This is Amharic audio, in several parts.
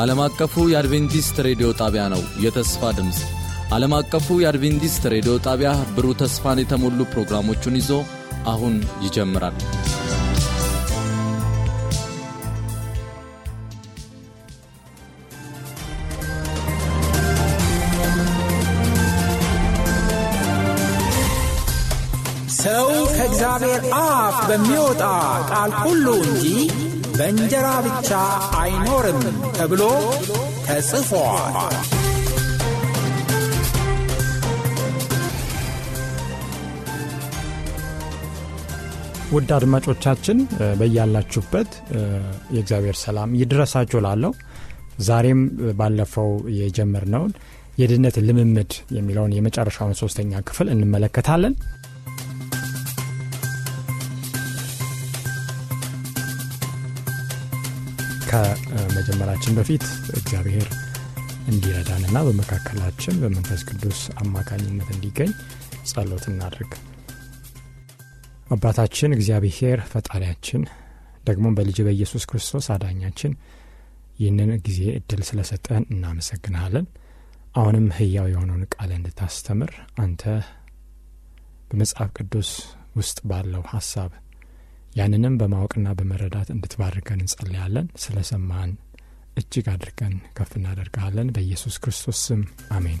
ዓለም አቀፉ የአድቬንቲስት ሬዲዮ ጣቢያ ነው የተስፋ ድምፅ ዓለም አቀፉ የአድቬንቲስት ሬዲዮ ጣቢያ ብሩህ ተስፋን የተሞሉ ፕሮግራሞቹን ይዞ አሁን ይጀምራል። ሰው ከእግዚአብሔር አፍ በሚወጣ ቃል ሁሉ እንጂ በእንጀራ ብቻ አይኖርም ተብሎ ተጽፏል። ውድ አድማጮቻችን በያላችሁበት የእግዚአብሔር ሰላም ይድረሳችሁ ላለው ዛሬም ባለፈው የጀመርነውን የድነት ልምምድ የሚለውን የመጨረሻውን ሶስተኛ ክፍል እንመለከታለን። ከመጀመራችን በፊት እግዚአብሔር እንዲረዳንና በመካከላችን በመንፈስ ቅዱስ አማካኝነት እንዲገኝ ጸሎት እናድርግ። አባታችን እግዚአብሔር ፈጣሪያችን ደግሞ በልጅ በኢየሱስ ክርስቶስ አዳኛችን ይህንን ጊዜ እድል ስለሰጠን እናመሰግናለን። አሁንም ህያው የሆነውን ቃል እንድታስተምር አንተ በመጽሐፍ ቅዱስ ውስጥ ባለው ሀሳብ ያንንም በማወቅና በመረዳት እንድትባርከን እንጸልያለን። ስለ ሰማን እጅግ አድርገን ከፍ እናደርግሃለን። በኢየሱስ ክርስቶስ ስም አሜን።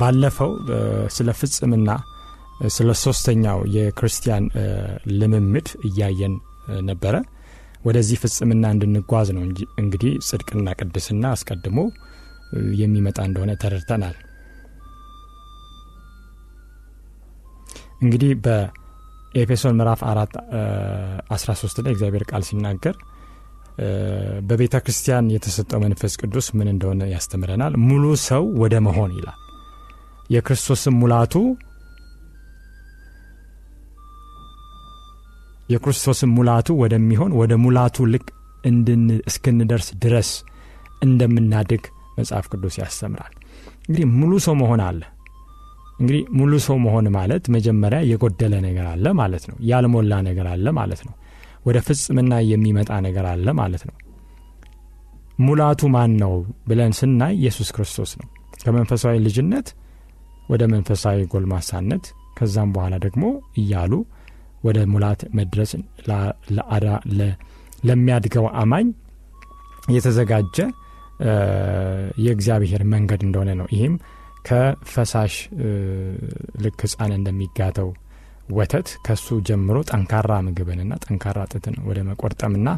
ባለፈው ስለ ፍጽምና ስለ ሶስተኛው የክርስቲያን ልምምድ እያየን ነበረ። ወደዚህ ፍጽምና እንድንጓዝ ነው እንግዲህ ጽድቅና ቅድስና አስቀድሞ የሚመጣ እንደሆነ ተረድተናል። እንግዲህ በኤፌሶን ምዕራፍ 4 13 ላይ እግዚአብሔር ቃል ሲናገር በቤተ ክርስቲያን የተሰጠው መንፈስ ቅዱስ ምን እንደሆነ ያስተምረናል። ሙሉ ሰው ወደ መሆን ይላል። የክርስቶስን ሙላቱ የክርስቶስም ሙላቱ ወደሚሆን ወደ ሙላቱ ልክ እስክንደርስ ድረስ እንደምናድግ መጽሐፍ ቅዱስ ያስተምራል። እንግዲህ ሙሉ ሰው መሆን አለ። እንግዲህ ሙሉ ሰው መሆን ማለት መጀመሪያ የጎደለ ነገር አለ ማለት ነው። ያልሞላ ነገር አለ ማለት ነው። ወደ ፍጽምና የሚመጣ ነገር አለ ማለት ነው። ሙላቱ ማን ነው ብለን ስናይ ኢየሱስ ክርስቶስ ነው። ከመንፈሳዊ ልጅነት ወደ መንፈሳዊ ጎልማሳነት ከዛም በኋላ ደግሞ እያሉ ወደ ሙላት መድረስ ለሚያድገው አማኝ የተዘጋጀ የእግዚአብሔር መንገድ እንደሆነ ነው። ይህም ከፈሳሽ ልክ ህፃን እንደሚጋተው ወተት ከሱ ጀምሮ ጠንካራ ምግብንና ጠንካራ ጥትን ወደ መቆርጠምና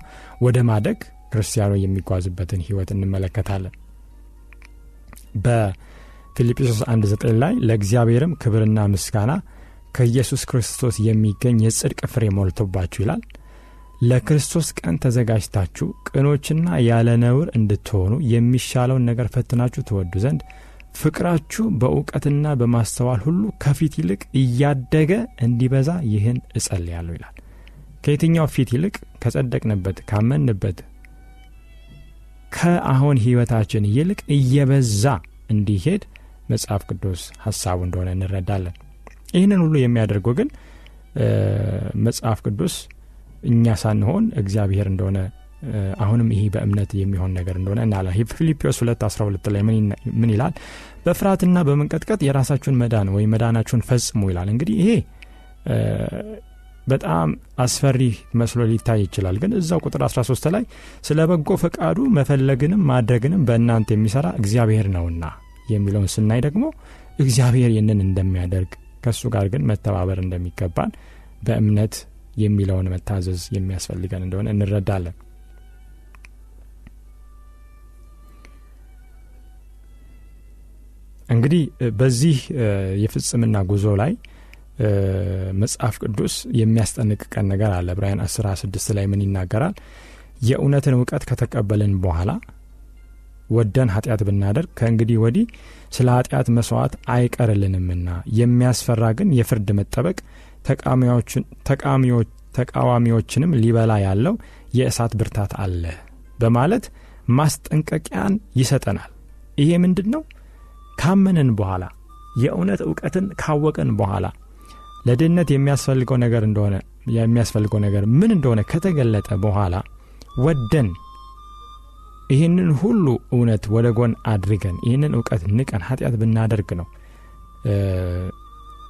ወደ ማደግ ክርስቲያኖ የሚጓዝበትን ህይወት እንመለከታለን። ፊልጵሶስ 1 9 ላይ ለእግዚአብሔርም ክብርና ምስጋና ከኢየሱስ ክርስቶስ የሚገኝ የጽድቅ ፍሬ ሞልቶባችሁ ይላል። ለክርስቶስ ቀን ተዘጋጅታችሁ ቅኖችና ያለ ነውር እንድትሆኑ የሚሻለውን ነገር ፈትናችሁ ትወዱ ዘንድ ፍቅራችሁ በእውቀትና በማስተዋል ሁሉ ከፊት ይልቅ እያደገ እንዲበዛ ይህን እጸልያለሁ ይላል። ከየትኛው ፊት ይልቅ ከጸደቅንበት፣ ካመንበት ከአሁን ህይወታችን ይልቅ እየበዛ እንዲሄድ መጽሐፍ ቅዱስ ሀሳቡ እንደሆነ እንረዳለን። ይህንን ሁሉ የሚያደርገው ግን መጽሐፍ ቅዱስ እኛ ሳንሆን እግዚአብሔር እንደሆነ አሁንም ይሄ በእምነት የሚሆን ነገር እንደሆነ እናለ ፊልጵዎስ 2 12 ላይ ምን ይላል? በፍርሃትና በመንቀጥቀጥ የራሳችሁን መዳን ወይም መዳናችሁን ፈጽሙ ይላል። እንግዲህ ይሄ በጣም አስፈሪ መስሎ ሊታይ ይችላል። ግን እዛው ቁጥር 13 ላይ ስለ በጎ ፈቃዱ መፈለግንም ማድረግንም በእናንተ የሚሰራ እግዚአብሔር ነውና የሚለውን ስናይ ደግሞ እግዚአብሔር ይህንን እንደሚያደርግ ከእሱ ጋር ግን መተባበር እንደሚገባን በእምነት የሚለውን መታዘዝ የሚያስፈልገን እንደሆነ እንረዳለን። እንግዲህ በዚህ የፍጽምና ጉዞ ላይ መጽሐፍ ቅዱስ የሚያስጠንቅቀን ነገር አለ። ብራያን 16 ላይ ምን ይናገራል? የእውነትን እውቀት ከተቀበልን በኋላ ወደን ኃጢአት ብናደርግ ከእንግዲህ ወዲህ ስለ ኃጢአት መስዋዕት አይቀርልንምና የሚያስፈራ ግን የፍርድ መጠበቅ ተቃዋሚዎችንም ሊበላ ያለው የእሳት ብርታት አለ በማለት ማስጠንቀቂያን ይሰጠናል። ይሄ ምንድን ነው? ካመንን በኋላ የእውነት እውቀትን ካወቅን በኋላ ለድህነት የሚያስፈልገው ነገር እንደሆነ የሚያስፈልገው ነገር ምን እንደሆነ ከተገለጠ በኋላ ወደን ይህንን ሁሉ እውነት ወደ ጎን አድርገን ይህንን እውቀት ንቀን ኃጢአት ብናደርግ ነው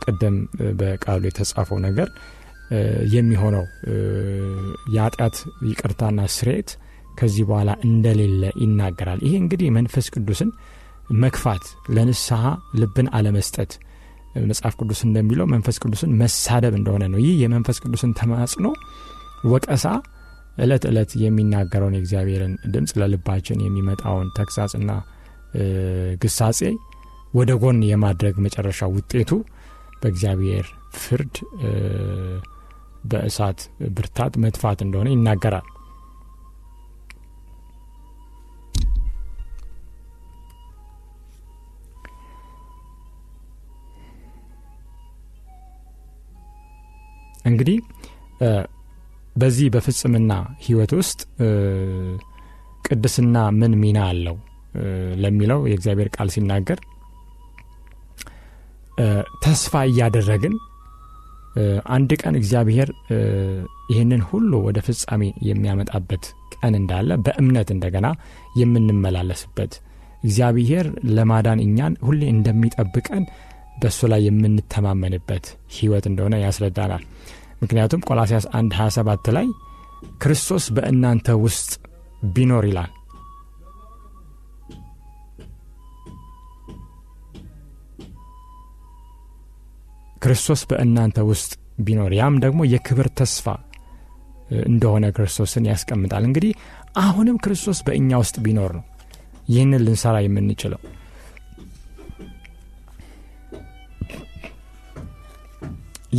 ቅድም በቃሉ የተጻፈው ነገር የሚሆነው የኃጢአት ይቅርታና ስሬት ከዚህ በኋላ እንደሌለ ይናገራል። ይሄ እንግዲህ መንፈስ ቅዱስን መክፋት፣ ለንስሐ ልብን አለመስጠት መጽሐፍ ቅዱስ እንደሚለው መንፈስ ቅዱስን መሳደብ እንደሆነ ነው። ይህ የመንፈስ ቅዱስን ተማጽኖ ወቀሳ ዕለት ዕለት የሚናገረውን የእግዚአብሔርን ድምፅ ለልባችን የሚመጣውን ተግሳጽና ግሳጼ ወደ ጎን የማድረግ መጨረሻ ውጤቱ በእግዚአብሔር ፍርድ በእሳት ብርታት መጥፋት እንደሆነ ይናገራል። እንግዲህ በዚህ በፍጽምና ህይወት ውስጥ ቅድስና ምን ሚና አለው ለሚለው የእግዚአብሔር ቃል ሲናገር ተስፋ እያደረግን አንድ ቀን እግዚአብሔር ይህንን ሁሉ ወደ ፍጻሜ የሚያመጣበት ቀን እንዳለ በእምነት እንደገና የምንመላለስበት እግዚአብሔር ለማዳን እኛን ሁሌ እንደሚጠብቀን በእሱ ላይ የምንተማመንበት ህይወት እንደሆነ ያስረዳናል። ምክንያቱም ቆላሲያስ 1 27 ላይ ክርስቶስ በእናንተ ውስጥ ቢኖር ይላል ክርስቶስ በእናንተ ውስጥ ቢኖር ያም ደግሞ የክብር ተስፋ እንደሆነ ክርስቶስን ያስቀምጣል። እንግዲህ አሁንም ክርስቶስ በእኛ ውስጥ ቢኖር ነው ይህንን ልንሰራ የምንችለው።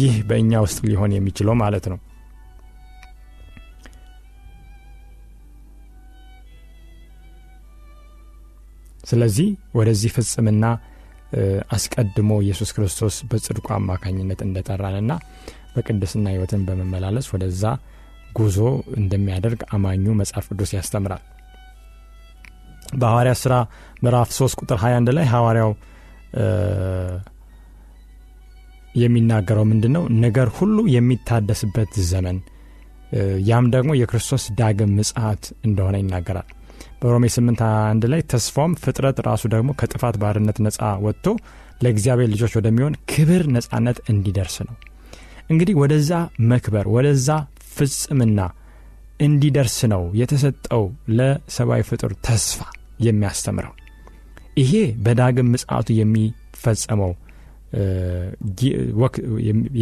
ይህ በእኛ ውስጥ ሊሆን የሚችለው ማለት ነው ስለዚህ ወደዚህ ፍጽምና አስቀድሞ ኢየሱስ ክርስቶስ በጽድቁ አማካኝነት እንደጠራንና በቅድስና ህይወትን በመመላለስ ወደዛ ጉዞ እንደሚያደርግ አማኙ መጽሐፍ ቅዱስ ያስተምራል በሐዋርያ ስራ ምዕራፍ 3 ቁጥር 21 ላይ ሐዋርያው የሚናገረው ምንድን ነው? ነገር ሁሉ የሚታደስበት ዘመን ያም ደግሞ የክርስቶስ ዳግም ምጽአት እንደሆነ ይናገራል። በሮሜ 8 አንድ ላይ ተስፋውም ፍጥረት ራሱ ደግሞ ከጥፋት ባርነት ነፃ ወጥቶ ለእግዚአብሔር ልጆች ወደሚሆን ክብር ነፃነት እንዲደርስ ነው። እንግዲህ ወደዛ መክበር ወደዛ ፍጽምና እንዲደርስ ነው የተሰጠው ለሰብአዊ ፍጡር ተስፋ የሚያስተምረው ይሄ በዳግም ምጽአቱ የሚፈጸመው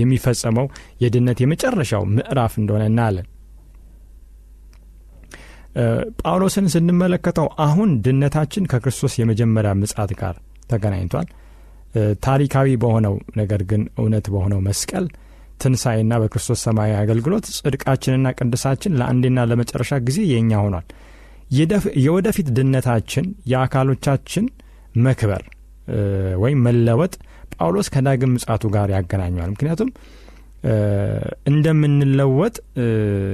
የሚፈጸመው የድነት የመጨረሻው ምዕራፍ እንደሆነ እናያለን። ጳውሎስን ስንመለከተው አሁን ድነታችን ከክርስቶስ የመጀመሪያ ምጻት ጋር ተገናኝቷል። ታሪካዊ በሆነው ነገር ግን እውነት በሆነው መስቀል ትንሣኤና በክርስቶስ ሰማያዊ አገልግሎት ጽድቃችንና ቅድሳችን ለአንዴና ለመጨረሻ ጊዜ የእኛ ሆኗል። የወደፊት ድነታችን የአካሎቻችን መክበር ወይም መለወጥ ጳውሎስ ከዳግም ምጻቱ ጋር ያገናኘዋል። ምክንያቱም እንደምንለወጥ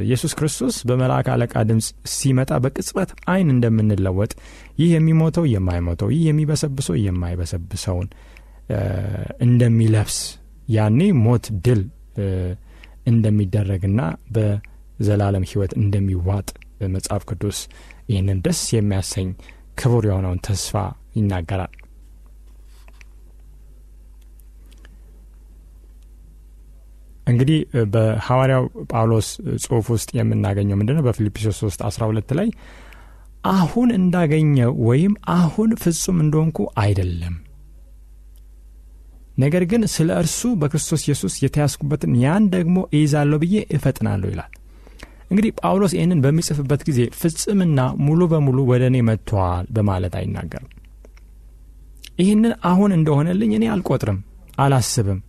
ኢየሱስ ክርስቶስ በመልአክ አለቃ ድምፅ ሲመጣ በቅጽበት አይን እንደምንለወጥ ይህ የሚሞተው የማይሞተው ይህ የሚበሰብሰው የማይበሰብሰውን እንደሚለብስ ያኔ ሞት ድል እንደሚደረግና በዘላለም ሕይወት እንደሚዋጥ መጽሐፍ ቅዱስ ይህንን ደስ የሚያሰኝ ክቡር የሆነውን ተስፋ ይናገራል። እንግዲህ በሐዋርያው ጳውሎስ ጽሁፍ ውስጥ የምናገኘው ምንድነው? በፊልጵስዩስ 3 12 ላይ አሁን እንዳገኘው ወይም አሁን ፍጹም እንደሆንኩ አይደለም፣ ነገር ግን ስለ እርሱ በክርስቶስ ኢየሱስ የተያዝኩበትን ያን ደግሞ እይዛለሁ ብዬ እፈጥናለሁ ይላል። እንግዲህ ጳውሎስ ይህንን በሚጽፍበት ጊዜ ፍጽምና ሙሉ በሙሉ ወደ እኔ መጥተዋል በማለት አይናገርም። ይህንን አሁን እንደሆነልኝ እኔ አልቆጥርም፣ አላስብም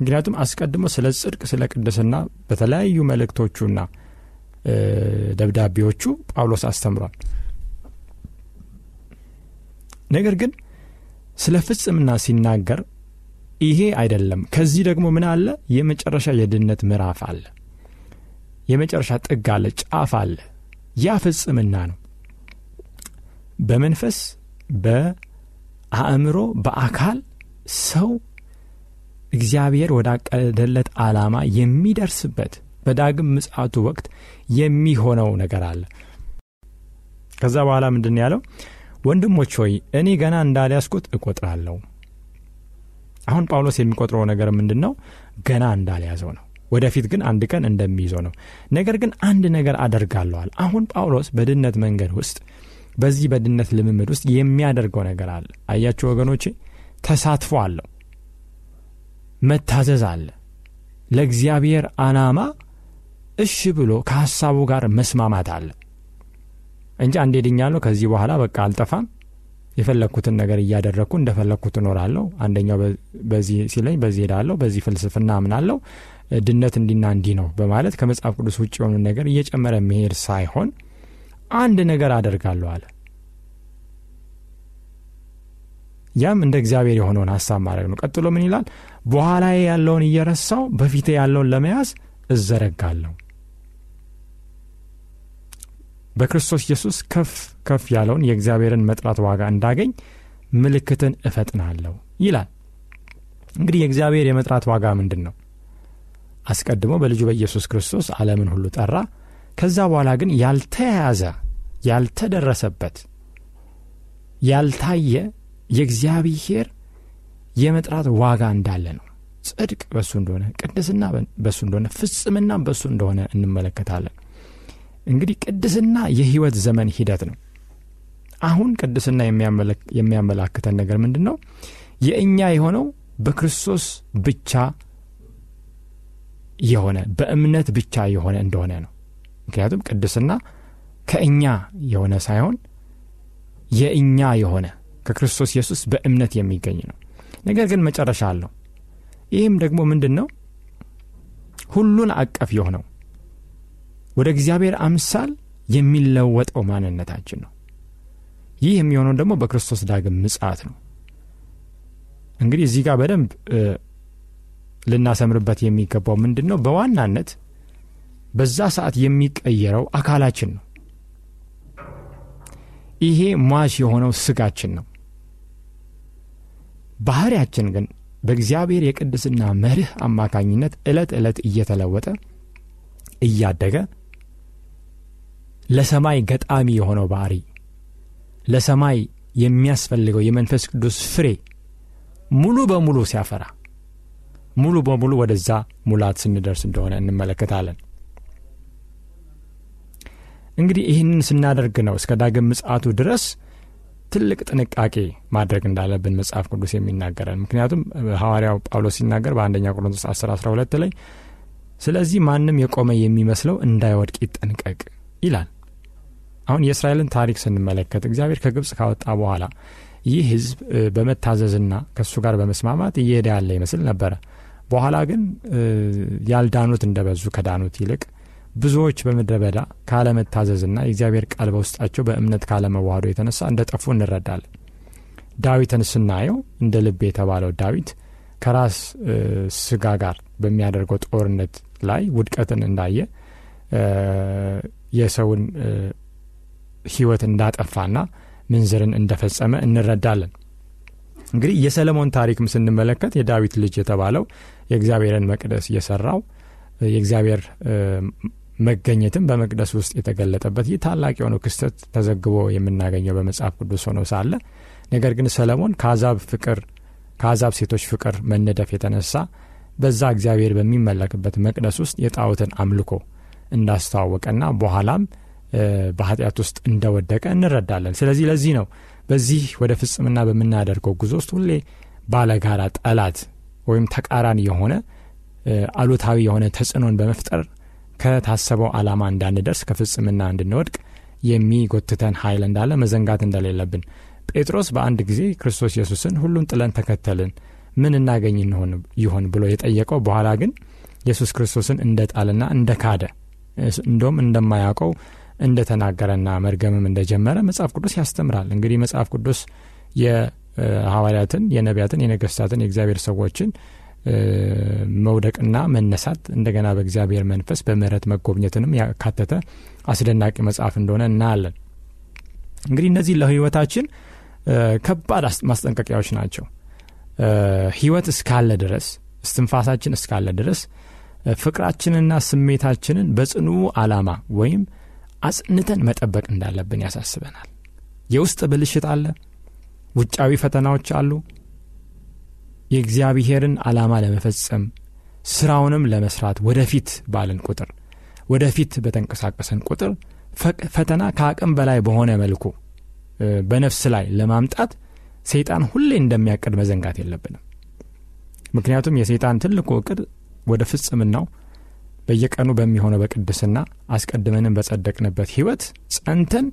ምክንያቱም አስቀድሞ ስለ ጽድቅ፣ ስለ ቅድስና በተለያዩ መልእክቶቹና ደብዳቤዎቹ ጳውሎስ አስተምሯል። ነገር ግን ስለ ፍጽምና ሲናገር ይሄ አይደለም። ከዚህ ደግሞ ምን አለ? የመጨረሻ የድነት ምዕራፍ አለ፣ የመጨረሻ ጥግ አለ፣ ጫፍ አለ። ያ ፍጽምና ነው። በመንፈስ በአእምሮ፣ በአካል ሰው እግዚአብሔር ወዳቀደለት ዓላማ የሚደርስበት በዳግም ምጽአቱ ወቅት የሚሆነው ነገር አለ። ከዛ በኋላ ምንድን ያለው? ወንድሞች ሆይ እኔ ገና እንዳልያዝኩት እቆጥራለሁ። አሁን ጳውሎስ የሚቆጥረው ነገር ምንድን ነው? ገና እንዳልያዘው ነው። ወደፊት ግን አንድ ቀን እንደሚይዘው ነው። ነገር ግን አንድ ነገር አደርጋለዋል። አሁን ጳውሎስ በድነት መንገድ ውስጥ በዚህ በድነት ልምምድ ውስጥ የሚያደርገው ነገር አለ። አያቸው ወገኖቼ፣ ተሳትፎ አለው። መታዘዝ አለ። ለእግዚአብሔር አናማ እሺ ብሎ ከሐሳቡ ጋር መስማማት አለ እንጂ አንዴ ድኛለሁ፣ ከዚህ በኋላ በቃ አልጠፋም፣ የፈለግኩትን ነገር እያደረግኩ እንደፈለግኩት እኖራለሁ፣ አንደኛው በዚህ ሲለኝ በዚህ ሄዳለሁ፣ በዚህ ፍልስፍና አምናለሁ፣ ድነት እንዲና እንዲህ ነው በማለት ከመጽሐፍ ቅዱስ ውጭ የሆኑ ነገር እየጨመረ መሄድ ሳይሆን አንድ ነገር አደርጋለሁ አለ። ያም እንደ እግዚአብሔር የሆነውን ሀሳብ ማድረግ ነው። ቀጥሎ ምን ይላል? በኋላዬ ያለውን እየረሳው በፊቴ ያለውን ለመያዝ እዘረጋለሁ። በክርስቶስ ኢየሱስ ከፍ ከፍ ያለውን የእግዚአብሔርን መጥራት ዋጋ እንዳገኝ ምልክትን እፈጥናለሁ ይላል። እንግዲህ የእግዚአብሔር የመጥራት ዋጋ ምንድን ነው? አስቀድሞ በልጁ በኢየሱስ ክርስቶስ ዓለምን ሁሉ ጠራ። ከዛ በኋላ ግን ያልተያያዘ ያልተደረሰበት ያልታየ የእግዚአብሔር የመጥራት ዋጋ እንዳለ ነው። ጽድቅ በሱ እንደሆነ፣ ቅድስና በሱ እንደሆነ፣ ፍጽምና በሱ እንደሆነ እንመለከታለን። እንግዲህ ቅድስና የህይወት ዘመን ሂደት ነው። አሁን ቅድስና የሚያመላክተን ነገር ምንድን ነው? የእኛ የሆነው በክርስቶስ ብቻ የሆነ በእምነት ብቻ የሆነ እንደሆነ ነው። ምክንያቱም ቅድስና ከእኛ የሆነ ሳይሆን የእኛ የሆነ ከክርስቶስ ኢየሱስ በእምነት የሚገኝ ነው። ነገር ግን መጨረሻ አለው። ይህም ደግሞ ምንድን ነው? ሁሉን አቀፍ የሆነው ወደ እግዚአብሔር አምሳል የሚለወጠው ማንነታችን ነው። ይህ የሚሆነው ደግሞ በክርስቶስ ዳግም ምጽት ነው። እንግዲህ እዚህ ጋር በደንብ ልናሰምርበት የሚገባው ምንድን ነው? በዋናነት በዛ ሰዓት የሚቀየረው አካላችን ነው። ይሄ ሟሽ የሆነው ስጋችን ነው። ባህሪያችን ግን በእግዚአብሔር የቅድስና መርህ አማካኝነት ዕለት ዕለት እየተለወጠ እያደገ ለሰማይ ገጣሚ የሆነው ባህሪ ለሰማይ የሚያስፈልገው የመንፈስ ቅዱስ ፍሬ ሙሉ በሙሉ ሲያፈራ ሙሉ በሙሉ ወደዛ ሙላት ስንደርስ እንደሆነ እንመለከታለን። እንግዲህ ይህንን ስናደርግ ነው እስከ ዳግም ምጽአቱ ድረስ ትልቅ ጥንቃቄ ማድረግ እንዳለብን መጽሐፍ ቅዱስ የሚናገረን። ምክንያቱም ሐዋርያው ጳውሎስ ሲናገር በአንደኛ ቆሮንቶስ 10 12 ላይ ስለዚህ ማንም የቆመ የሚመስለው እንዳይወድቅ ይጠንቀቅ ይላል። አሁን የእስራኤልን ታሪክ ስንመለከት እግዚአብሔር ከግብፅ ካወጣ በኋላ ይህ ህዝብ በመታዘዝና ከእሱ ጋር በመስማማት እየሄደ ያለ ይመስል ነበረ። በኋላ ግን ያልዳኑት እንደበዙ ከዳኑት ይልቅ ብዙዎች በምድረ በዳ ካለመታዘዝና የእግዚአብሔር ቃል በውስጣቸው በእምነት ካለመዋህዶ የተነሳ እንደ ጠፉ እንረዳለን። ዳዊትን ስናየው እንደ ልብ የተባለው ዳዊት ከራስ ስጋ ጋር በሚያደርገው ጦርነት ላይ ውድቀትን እንዳየ የሰውን ሕይወት እንዳጠፋና ምንዝርን እንደፈጸመ እንረዳለን። እንግዲህ የሰለሞን ታሪክም ስንመለከት የዳዊት ልጅ የተባለው የእግዚአብሔርን መቅደስ የሰራው የእግዚአብሔር መገኘትም በመቅደስ ውስጥ የተገለጠበት ይህ ታላቅ የሆነው ክስተት ተዘግቦ የምናገኘው በመጽሐፍ ቅዱስ ሆኖ ሳለ ነገር ግን ሰለሞን ከአዛብ ፍቅር ከአዛብ ሴቶች ፍቅር መነደፍ የተነሳ በዛ እግዚአብሔር በሚመለክበት መቅደስ ውስጥ የጣዖትን አምልኮ እንዳስተዋወቀና በኋላም በኃጢአት ውስጥ እንደወደቀ እንረዳለን። ስለዚህ ለዚህ ነው በዚህ ወደ ፍጽምና በምናደርገው ጉዞ ውስጥ ሁሌ ባለጋራ ጠላት ወይም ተቃራኒ የሆነ አሉታዊ የሆነ ተጽዕኖን በመፍጠር ከታሰበው ዓላማ እንዳንደርስ ከፍጽምና እንድንወድቅ የሚጎትተን ኃይል እንዳለ መዘንጋት እንደሌለብን ጴጥሮስ በአንድ ጊዜ ክርስቶስ ኢየሱስን ሁሉን ጥለን ተከተልን ምን እናገኝ እንሆን ይሆን ብሎ የጠየቀው በኋላ ግን ኢየሱስ ክርስቶስን እንደ ጣልና እንደ ካደ እንደውም እንደማያውቀው እንደ ተናገረና መርገምም እንደጀመረ መጽሐፍ ቅዱስ ያስተምራል። እንግዲህ መጽሐፍ ቅዱስ የሐዋርያትን፣ የነቢያትን፣ የነገስታትን፣ የእግዚአብሔር ሰዎችን መውደቅና መነሳት እንደገና በእግዚአብሔር መንፈስ በምህረት መጎብኘትንም ያካተተ አስደናቂ መጽሐፍ እንደሆነ እናያለን። እንግዲህ እነዚህ ለህይወታችን ከባድ ማስጠንቀቂያዎች ናቸው። ህይወት እስካለ ድረስ እስትንፋሳችን እስካለ ድረስ ፍቅራችንና ስሜታችንን በጽኑ አላማ ወይም አጽንተን መጠበቅ እንዳለብን ያሳስበናል። የውስጥ ብልሽት አለ፣ ውጫዊ ፈተናዎች አሉ፣ የእግዚአብሔርን ዓላማ ለመፈጸም ሥራውንም ለመሥራት ወደፊት ባለን ቁጥር ወደፊት በተንቀሳቀሰን ቁጥር ፈተና ከአቅም በላይ በሆነ መልኩ በነፍስ ላይ ለማምጣት ሰይጣን ሁሌ እንደሚያቅድ መዘንጋት የለብንም። ምክንያቱም የሰይጣን ትልቁ እቅድ ወደ ፍጽምናው በየቀኑ በሚሆነው በቅድስና አስቀድመንም በጸደቅንበት ህይወት ጸንተን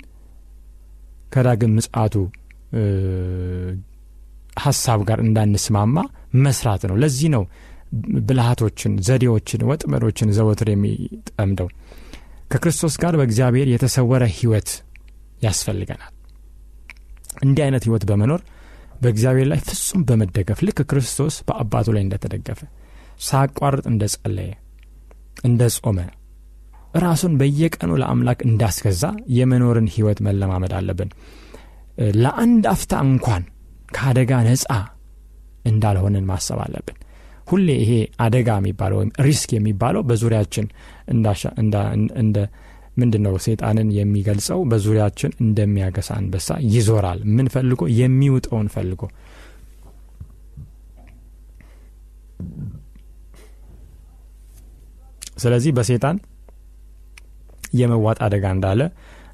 ከዳግም ምጽአቱ ሀሳብ ጋር እንዳንስማማ መስራት ነው። ለዚህ ነው ብልሃቶችን፣ ዘዴዎችን፣ ወጥመዶችን ዘወትር የሚጠምደው። ከክርስቶስ ጋር በእግዚአብሔር የተሰወረ ህይወት ያስፈልገናል። እንዲህ አይነት ህይወት በመኖር በእግዚአብሔር ላይ ፍጹም በመደገፍ ልክ ክርስቶስ በአባቱ ላይ እንደተደገፈ ሳቋርጥ እንደ ጸለየ እንደ ጾመ ራሱን በየቀኑ ለአምላክ እንዳስገዛ የመኖርን ህይወት መለማመድ አለብን። ለአንድ አፍታ እንኳን ከአደጋ ነፃ እንዳልሆንን ማሰብ አለብን። ሁሌ ይሄ አደጋ የሚባለው ወይም ሪስክ የሚባለው በዙሪያችን እንደ ምንድን ነው ሴጣንን የሚገልጸው በዙሪያችን እንደሚያገሳ አንበሳ ይዞራል። ምን ፈልጎ? የሚውጠውን ፈልጎ ስለዚህ በሴጣን የመዋጥ አደጋ እንዳለ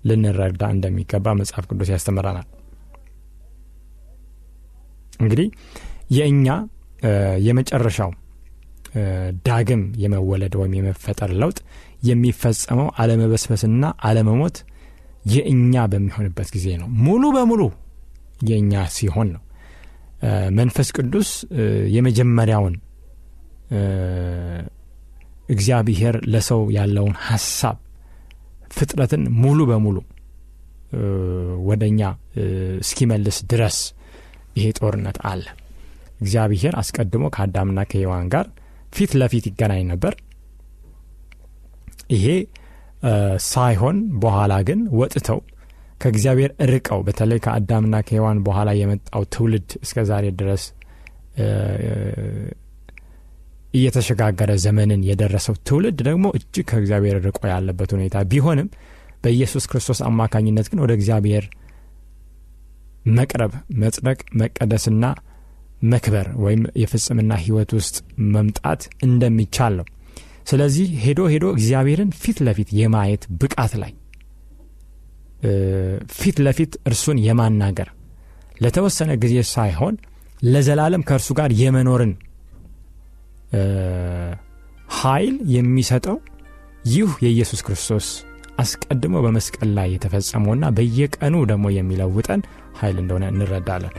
ልንረዳ እንደሚገባ መጽሐፍ ቅዱስ ያስተምረናል። እንግዲህ የእኛ የመጨረሻው ዳግም የመወለድ ወይም የመፈጠር ለውጥ የሚፈጸመው አለመበስበስና አለመሞት የእኛ በሚሆንበት ጊዜ ነው። ሙሉ በሙሉ የእኛ ሲሆን ነው። መንፈስ ቅዱስ የመጀመሪያውን እግዚአብሔር ለሰው ያለውን ሀሳብ ፍጥረትን ሙሉ በሙሉ ወደ እኛ እስኪመልስ ድረስ ይሄ ጦርነት አለ። እግዚአብሔር አስቀድሞ ከአዳምና ከሔዋን ጋር ፊት ለፊት ይገናኝ ነበር። ይሄ ሳይሆን በኋላ ግን ወጥተው ከእግዚአብሔር ርቀው በተለይ ከአዳምና ከሔዋን በኋላ የመጣው ትውልድ እስከ ዛሬ ድረስ እየተሸጋገረ ዘመንን የደረሰው ትውልድ ደግሞ እጅግ ከእግዚአብሔር ርቆ ያለበት ሁኔታ ቢሆንም በኢየሱስ ክርስቶስ አማካኝነት ግን ወደ እግዚአብሔር መቅረብ፣ መጽደቅ፣ መቀደስና መክበር ወይም የፍጽምና ህይወት ውስጥ መምጣት እንደሚቻል ነው። ስለዚህ ሄዶ ሄዶ እግዚአብሔርን ፊት ለፊት የማየት ብቃት ላይ ፊት ለፊት እርሱን የማናገር ለተወሰነ ጊዜ ሳይሆን ለዘላለም ከእርሱ ጋር የመኖርን ኃይል የሚሰጠው ይህ የኢየሱስ ክርስቶስ አስቀድሞ በመስቀል ላይ የተፈጸመውና በየቀኑ ደግሞ የሚለውጠን ኃይል እንደሆነ እንረዳለን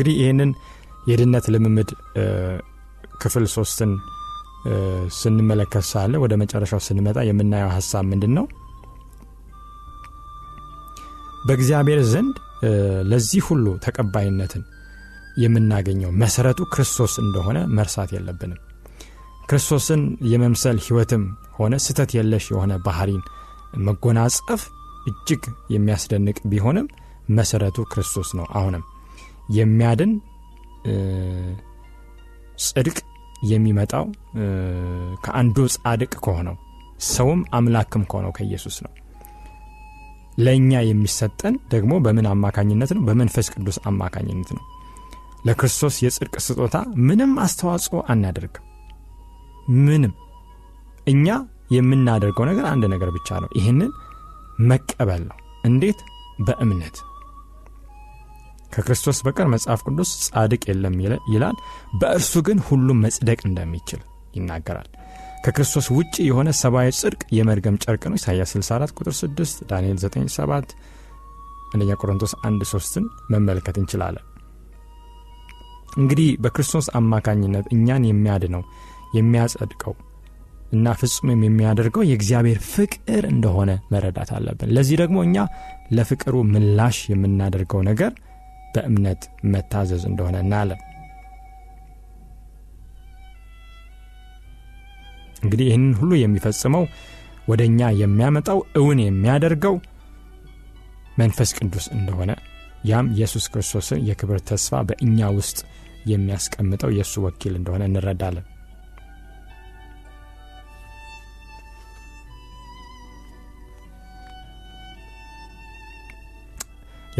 እንግዲህ ይህንን የድነት ልምምድ ክፍል ሶስትን ስንመለከት ሳለ ወደ መጨረሻው ስንመጣ የምናየው ሀሳብ ምንድን ነው? በእግዚአብሔር ዘንድ ለዚህ ሁሉ ተቀባይነትን የምናገኘው መሰረቱ ክርስቶስ እንደሆነ መርሳት የለብንም። ክርስቶስን የመምሰል ህይወትም ሆነ ስተት የለሽ የሆነ ባህሪን መጎናጸፍ እጅግ የሚያስደንቅ ቢሆንም መሰረቱ ክርስቶስ ነው። አሁንም የሚያድን ጽድቅ የሚመጣው ከአንዱ ጻድቅ ከሆነው ሰውም አምላክም ከሆነው ከኢየሱስ ነው። ለእኛ የሚሰጠን ደግሞ በምን አማካኝነት ነው? በመንፈስ ቅዱስ አማካኝነት ነው። ለክርስቶስ የጽድቅ ስጦታ ምንም አስተዋጽኦ አናደርግም። ምንም እኛ የምናደርገው ነገር አንድ ነገር ብቻ ነው። ይህንን መቀበል ነው። እንዴት? በእምነት ከክርስቶስ በቀር መጽሐፍ ቅዱስ ጻድቅ የለም ይላል። በእርሱ ግን ሁሉም መጽደቅ እንደሚችል ይናገራል። ከክርስቶስ ውጭ የሆነ ሰብዊ ጽድቅ የመርገም ጨርቅ ነው። ኢሳያስ 64 ቁጥር 6፣ ዳንኤል 97 7፣ አንደኛ ቆሮንቶስ 1 3 መመልከት እንችላለን። እንግዲህ በክርስቶስ አማካኝነት እኛን የሚያድነው የሚያጸድቀው እና ፍጹምም የሚያደርገው የእግዚአብሔር ፍቅር እንደሆነ መረዳት አለብን። ለዚህ ደግሞ እኛ ለፍቅሩ ምላሽ የምናደርገው ነገር በእምነት መታዘዝ እንደሆነ እናያለን። እንግዲህ ይህንን ሁሉ የሚፈጽመው ወደ እኛ የሚያመጣው እውን የሚያደርገው መንፈስ ቅዱስ እንደሆነ ያም ኢየሱስ ክርስቶስን የክብር ተስፋ በእኛ ውስጥ የሚያስቀምጠው የእሱ ወኪል እንደሆነ እንረዳለን።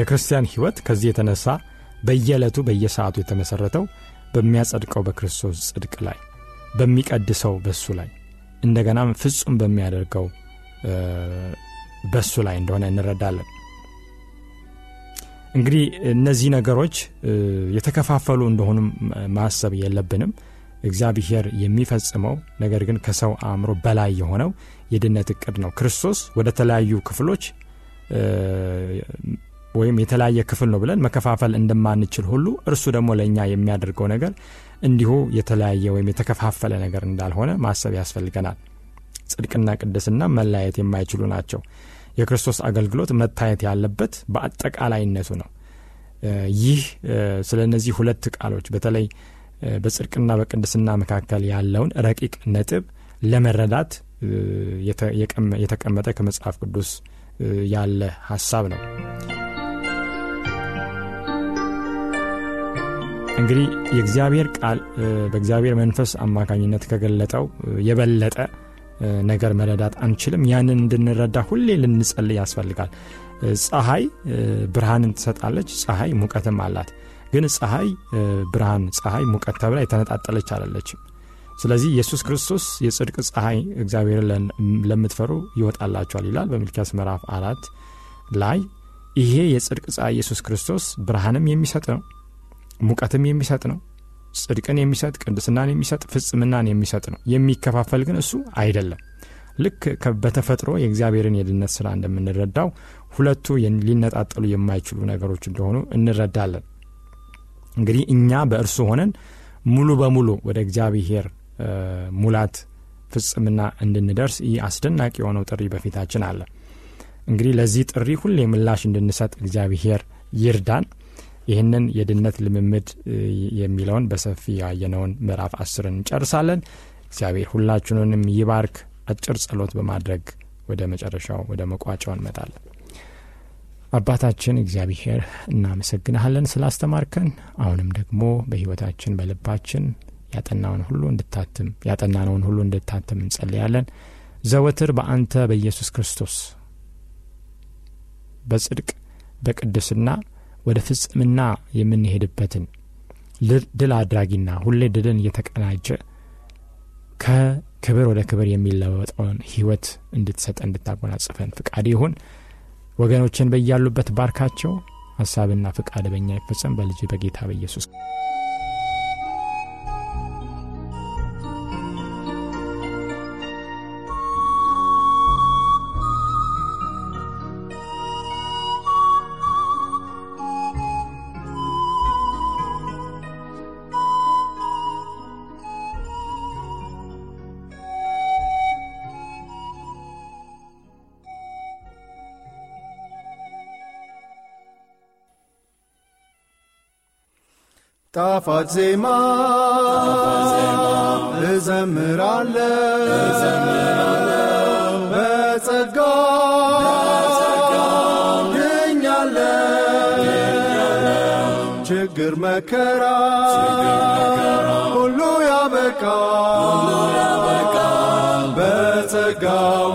የክርስቲያን ሕይወት ከዚህ የተነሳ በየዕለቱ በየሰዓቱ የተመሠረተው በሚያጸድቀው በክርስቶስ ጽድቅ ላይ በሚቀድሰው በሱ ላይ እንደገናም ፍጹም በሚያደርገው በሱ ላይ እንደሆነ እንረዳለን። እንግዲህ እነዚህ ነገሮች የተከፋፈሉ እንደሆኑም ማሰብ የለብንም። እግዚአብሔር የሚፈጽመው ነገር ግን ከሰው አእምሮ በላይ የሆነው የድነት እቅድ ነው። ክርስቶስ ወደ ተለያዩ ክፍሎች ወይም የተለያየ ክፍል ነው ብለን መከፋፈል እንደማንችል ሁሉ እርሱ ደግሞ ለእኛ የሚያደርገው ነገር እንዲሁ የተለያየ ወይም የተከፋፈለ ነገር እንዳልሆነ ማሰብ ያስፈልገናል። ጽድቅና ቅድስና መለያየት የማይችሉ ናቸው። የክርስቶስ አገልግሎት መታየት ያለበት በአጠቃላይነቱ ነው። ይህ ስለ እነዚህ ሁለት ቃሎች በተለይ በጽድቅና በቅድስና መካከል ያለውን ረቂቅ ነጥብ ለመረዳት የተቀመጠ ከመጽሐፍ ቅዱስ ያለ ሀሳብ ነው። እንግዲህ የእግዚአብሔር ቃል በእግዚአብሔር መንፈስ አማካኝነት ከገለጠው የበለጠ ነገር መረዳት አንችልም። ያንን እንድንረዳ ሁሌ ልንጸልይ ያስፈልጋል። ፀሐይ ብርሃንን ትሰጣለች። ፀሐይ ሙቀትም አላት። ግን ፀሐይ ብርሃን፣ ፀሐይ ሙቀት ተብላ የተነጣጠለች አይደለችም። ስለዚህ ኢየሱስ ክርስቶስ የጽድቅ ፀሐይ እግዚአብሔር ለምትፈሩ ይወጣላቸዋል ይላል በሚልኪያስ ምዕራፍ አራት ላይ ይሄ የጽድቅ ፀሐይ ኢየሱስ ክርስቶስ ብርሃንም የሚሰጥ ነው ሙቀትም የሚሰጥ ነው። ጽድቅን የሚሰጥ ቅድስናን የሚሰጥ ፍጽምናን የሚሰጥ ነው። የሚከፋፈል ግን እሱ አይደለም። ልክ በተፈጥሮ የእግዚአብሔርን የድነት ስራ እንደምንረዳው ሁለቱ ሊነጣጠሉ የማይችሉ ነገሮች እንደሆኑ እንረዳለን። እንግዲህ እኛ በእርሱ ሆነን ሙሉ በሙሉ ወደ እግዚአብሔር ሙላት ፍጽምና እንድንደርስ ይህ አስደናቂ የሆነው ጥሪ በፊታችን አለ። እንግዲህ ለዚህ ጥሪ ሁሌ ምላሽ እንድንሰጥ እግዚአብሔር ይርዳን። ይህንን የድነት ልምምድ የሚለውን በሰፊ ያየነውን ምዕራፍ አስርን እንጨርሳለን። እግዚአብሔር ሁላችንንም ይባርክ። አጭር ጸሎት በማድረግ ወደ መጨረሻው ወደ መቋጫው እንመጣለን። አባታችን እግዚአብሔር እናመሰግንሃለን ስላስተማርከን፣ አሁንም ደግሞ በሕይወታችን በልባችን ያጠናውን ሁሉ እንድታትም ያጠናነውን ሁሉ እንድታትም እንጸልያለን። ዘወትር በአንተ በኢየሱስ ክርስቶስ በጽድቅ በቅድስና ወደ ፍጽምና የምንሄድበትን ድል አድራጊና ሁሌ ድልን እየተቀናጀ ከክብር ወደ ክብር የሚለወጠውን ህይወት እንድትሰጠ እንድታጎናጽፈን ፍቃድ ይሁን። ወገኖችን በያሉበት ባርካቸው። ሀሳብና ፍቃድ በእኛ ይፈጸም በልጅ በጌታ በኢየሱስ ጣፋት ዜማ እዘምራለሁ በጸጋ ድኛለሁ ችግር መከራ ሁሉ ያበቃ በጸጋው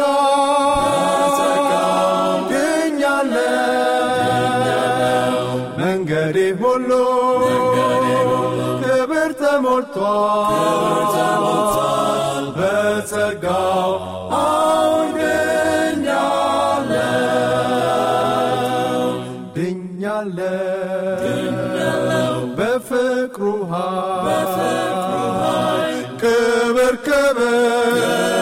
ሞልቷል ተሞልቷል በጸጋው አሁን ክብር ክብር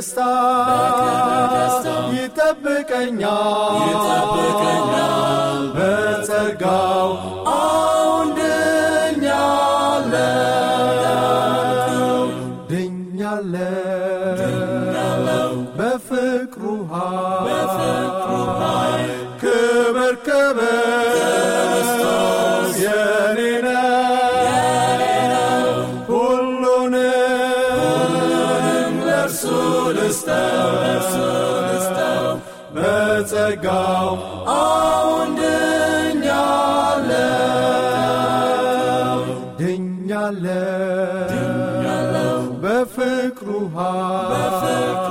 በደስታ ይጠብቀኛል በጸጋው Yeah. Bethel.